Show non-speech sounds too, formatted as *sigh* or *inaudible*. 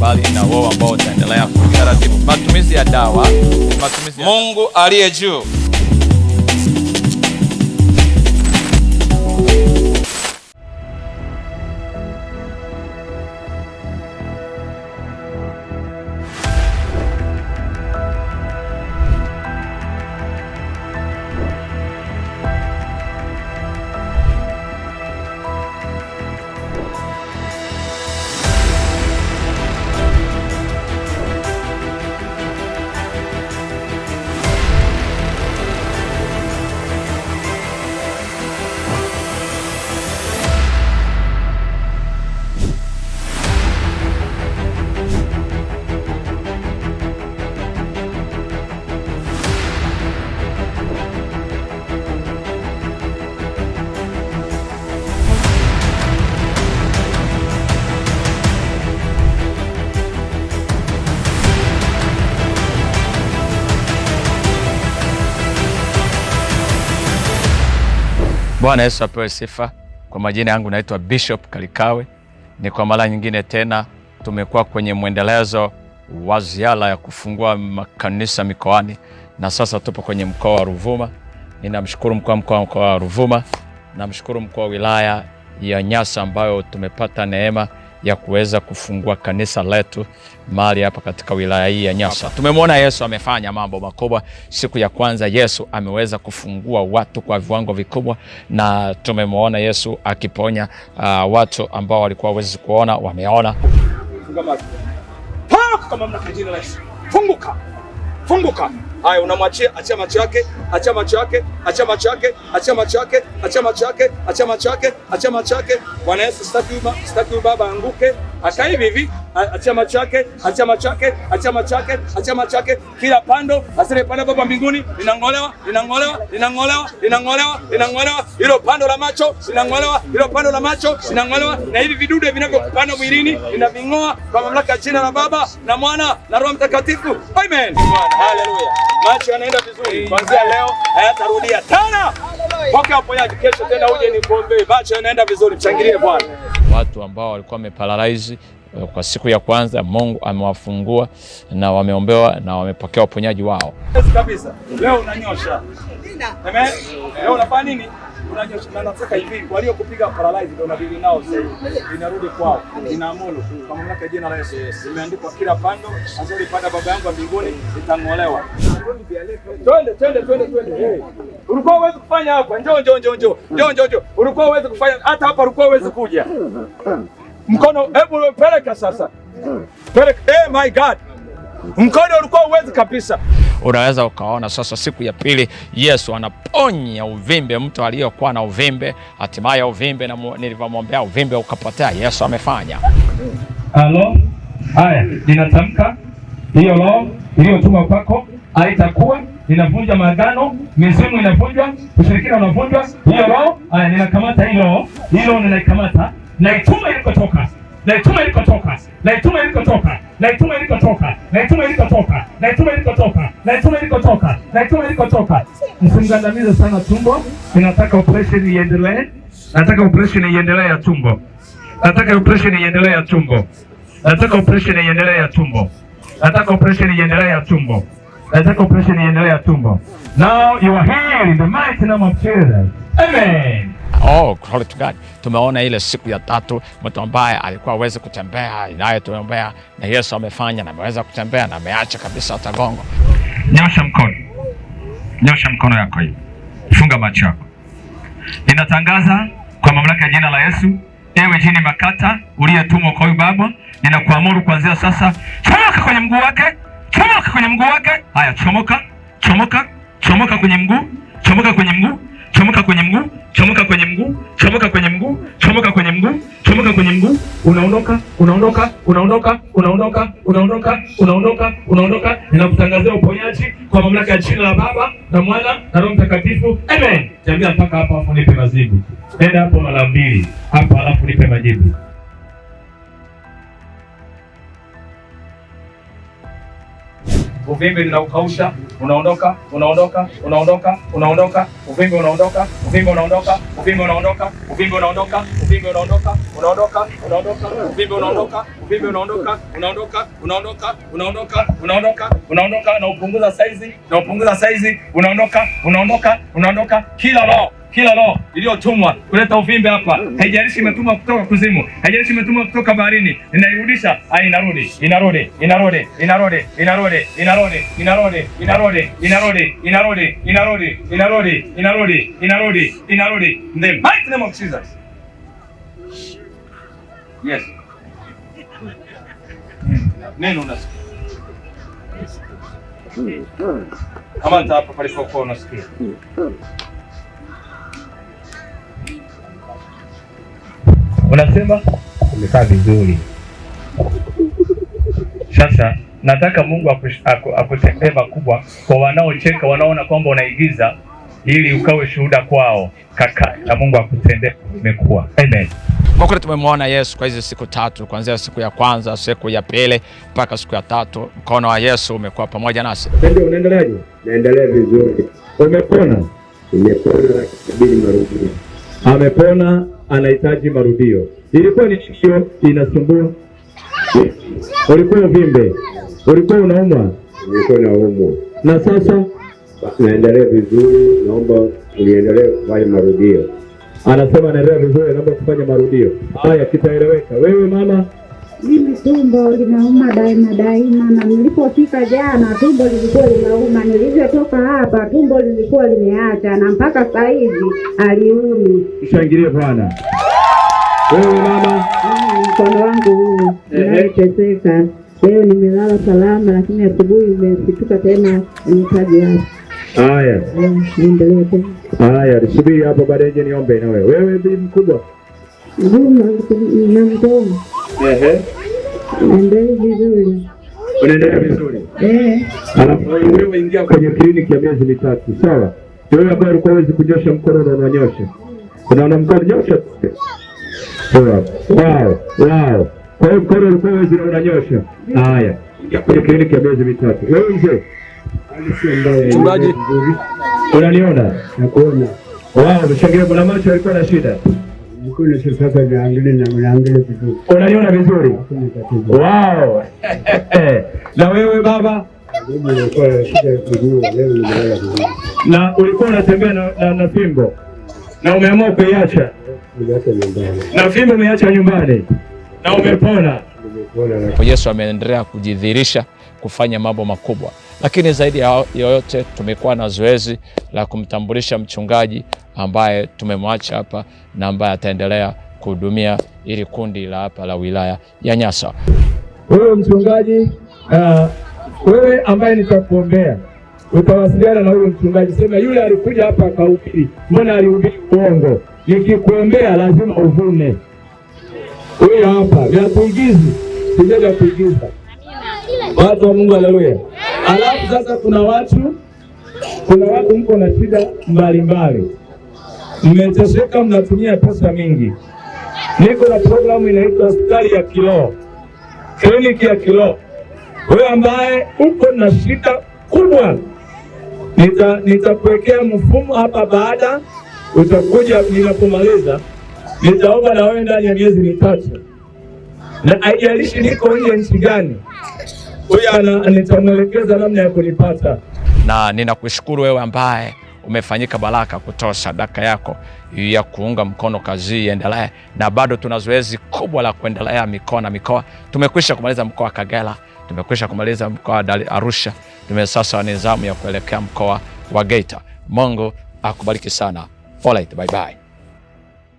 bali na wao ambao wataendelea kutaratibu matumizi ya dawa. Matumizi ya Mungu aliye juu Bwana Yesu apewe sifa. Kwa majina yangu naitwa Bishop Kalikawe. Ni kwa mara nyingine tena tumekuwa kwenye mwendelezo wa ziara ya kufungua makanisa mikoani, na sasa tupo kwenye mkoa wa Ruvuma. Ninamshukuru mkuu wa mkoa mkoa wa Ruvuma, namshukuru mkuu wa wilaya ya Nyasa ambayo tumepata neema ya kuweza kufungua kanisa letu mahali hapa katika wilaya hii ya Nyasa. Tumemwona Yesu amefanya mambo makubwa. Siku ya kwanza Yesu ameweza kufungua watu kwa viwango vikubwa, na tumemwona Yesu akiponya uh, watu ambao walikuwa hawezi kuona, wameona. Funguka, funguka. Haya, unamwachia, achia macho yake, achia macho yake, achia macho yake, achia macho yake, achia macho yake, achia macho yake, achia macho yake. Bwana Yesu, sitaki baba anguke, hata hivi hivi chama chake chama chake chama chake chama chake, kila pando asile pando baba mbinguni linangolewa linangolewa linangolewa linangolewa linangolewa, hilo pando la macho linangolewa, hilo pando la macho linangolewa, na hivi vidude vinavyopanda mwilini vinaving'oa kwa mamlaka ya jina la Baba na Mwana na Roho Mtakatifu, amen. Haleluya, macho yanaenda vizuri kuanzia leo, hayatarudia tena. Pokea uponyaji kesho, tena uje nikuombee. Macho yanaenda vizuri, mshangilie Bwana. Watu ambao walikuwa wameparalyze Eh, kwa siku ya kwanza Mungu amewafungua na wameombewa na wamepokea uponyaji wao. Yes, Kabisa. Leo unanyosha. Amen. Leo unafanya nini? Unanyosha na nataka hivi waliokupiga paralyze ndio unabili nao sasa. Inarudi kwao. Inaamuru kwa mamlaka ya jina la Yesu. Imeandikwa kila pando azuri pada baba yangu mbinguni itang'olewa. Twende twende twende twende. Hey. Ulikuwa uweze kufanya hapa. Njoo njoo njoo njoo. Njoo njoo njoo. Ulikuwa uweze kufanya hata hapa ulikuwa uweze kuja mkono, hebu peleka sasa, peleka. Hey, eh, my God, mkono ulikuwa uwezi kabisa. Unaweza ukaona sasa, siku ya pili Yesu anaponya uvimbe, mtu aliyokuwa na uvimbe, hatimaye uvimbe na nilivyomwombea uvimbe ukapotea. Yesu amefanya. Halo, haya ninatamka hiyo roho iliyotuma kwako haitakuwa ninavunja maagano, mizimu inavunjwa, ushirikina unavunjwa. Hiyo roho haya, ninakamata hii roho, hii roho ninaikamata Naituma ilikotoka, naituma ilikotoka, naituma ilikotoka, naituma ilikotoka, naituma ilikotoka, naituma ilikotoka, naituma ilikotoka, naituma ilikotoka. Msingandamize sana tumbo, inataka operation iendelee, nataka operation iendelee ya tumbo, nataka operation iendelee ya tumbo, nataka operation iendelee ya tumbo, nataka operation iendelee ya tumbo, nataka operation iendelee ya tumbo. Now you are here in the mighty name of Jesus. Amen. Oh, glory to God. Tumeona ile siku ya tatu mtu ambaye alikuwa awezi kutembea naye tumeombea na Yesu amefanya na ameweza kutembea na ameacha kabisa hata gongo. Nyosha mkono, nyosha mkono yako hivi, funga macho yako. Ninatangaza kwa mamlaka ya jina la Yesu, ewe jini makata uliyetumwa kwa huyu baba, ninakuamuru kuanzia sasa, chomoka kwenye mguu wake, chomoka kwenye mguu wake. Haya, chomoka, chomoka, chomoka kwenye mguu, chomoka kwenye mguu chomoka kwenye mguu, chomoka kwenye mguu, chomoka kwenye mguu, chomoka kwenye mguu, chomoka kwenye mguu, unaondoka, unaondoka, unaondoka, unaondoka, unaondoka, unaondoka, unaondoka. Ninakutangazia uponyaji kwa mamlaka ya jina la Baba na Mwana na Roho Mtakatifu. Amen. Jambia mpaka hapa, afu nipe majibu. Enda hapo mara mbili hapo alafu nipe majibu. uvimbe linaukausha, unaondoka, unaondoka, unaondoka, unaondoka, uvimbe unaondoka, uvimbe unaondoka, uvimbe unaondoka, uvimbe unaondoka, uvimbe unaondoka, unaondoka, unaondoka, uvimbe unaondoka, uvimbe unaondoka, unaondoka, unaondoka, unaondoka, unaondoka, unaondoka, na upunguza saizi, na upunguza saizi, unaondoka, unaondoka, unaondoka, kila roho kila roho iliyotumwa kuleta uvimbe hapa, haijalishi imetumwa kutoka kuzimu, haijalishi imetumwa kutoka baharini, ninairudisha. Inarudi, inarudi, inarudi, inarudi, inarudi, inarudi, inarudi, inarudi, inarudi, inarudi, inarudi, inarudi, inarudi, inarudi, inarudi. In the mighty name of Jesus. Yes. Neno unasikia. Kama nitapopalishwa kwa unasikia. unasema umekaa vizuri. Sasa nataka Mungu akutendee makubwa kwa wanaocheka, wanaona kwamba unaigiza ili ukawe shuhuda kwao, kaka, na Mungu akutendee imekuwa. Amen. Kwa tumemwona Yesu kwa hizo siku tatu, kuanzia siku ya kwanza, siku ya pili mpaka siku ya tatu. Mkono wa Yesu umekuwa pamoja nasi. Ndio, unaendeleaje? Naendelea vizuri. Umepona? Umepona, amepona anahitaji marudio. Ilikuwa ni hiyo inasumbua, ulikuwa uvimbe, ulikuwa unaumwa, ulikuwa unaumwa, na sasa naendelea vizuri, naomba niendelee kufanya marudio. Anasema anaendelea vizuri, naomba kufanya marudio. Haya, kitaeleweka. Wewe mama mimi tumbo linauma daima daima, na nilipofika jana tumbo lilikuwa linauma, nilivyotoka baba, tumbo lilikuwa limeacha na mpaka sasa hivi aliumi. Shangilie Bwana. Wewe mama, mkono wangu huu eh, eh. inayoteseka leo nimelala salama, lakini asubuhi imesituka tena mtaji wake. Haya, eh, niendelee tena. Haya, subiri hapo, baadaye niombe na wewe. Wewe bi mkubwa Juma na mdomo, ehe, endelee vizuri unaendelea vizuri eh. Alafu wewe Unaingia kwenye kliniki ya miezi mitatu, sawa? Wewe ambaye alikuwa hawezi kunyosha mkono na ananyosha, unaona mkono nyosha. Wow, wow. Kwa hiyo mkono ulikuwa hawezi kunyosha. Haya, ingia kwenye kliniki ya miezi mitatu. Wewe mzee, mchungaji, unaniona? Nakuona. Wow, mshangilie, kuna macho alikuwa na shida unaliona vizuri wow. *laughs* Eh, na wewe baba na ulikuwa unatembea na, na, na fimbo na umeamua kuiacha na fimbo umeacha nyumbani na umepona. Yesu ameendelea kujidhihirisha kufanya mambo makubwa, lakini zaidi ya yoyote tumekuwa na zoezi la kumtambulisha mchungaji ambaye tumemwacha hapa na ambaye ataendelea kuhudumia ili kundi la hapa la wilaya ya Nyasa. Wewe mchungaji, uh, wewe ambaye nitakuombea utawasiliana na huyo mchungaji, sema yule alikuja hapa akahubiri, mbona alihubiri uongo? Nikikuombea lazima uvune. Huyo hapa vya kuigiza vya kuigiza, watu wa Mungu, haleluya. Alafu sasa kuna watu kuna watu mko na shida mbalimbali mmeteseka, mnatumia pesa mingi. Niko na programu inaitwa hospitali ya kiroho, kliniki ya kiroho. Wewe ambaye uko na shida kubwa, nitakuwekea nita mfumo hapa, baada utakuja ninapomaliza, nitaomba na wewe ndani ya miezi mitatu, na haijalishi niko nje nchi gani, huyo nitamwelekeza namna ya kunipata. Na ninakushukuru wewe ambaye umefanyika baraka kutoa sadaka yako ya kuunga mkono kazi iendelee, na bado tuna zoezi kubwa la kuendelea mikoa na mikoa. Tumekwisha kumaliza mkoa wa Kagera, tumekwisha kumaliza mkoa wa Arusha, tume sasa nizamu ya kuelekea mkoa wa Geita. Mungu akubariki sana. All right, bye bye.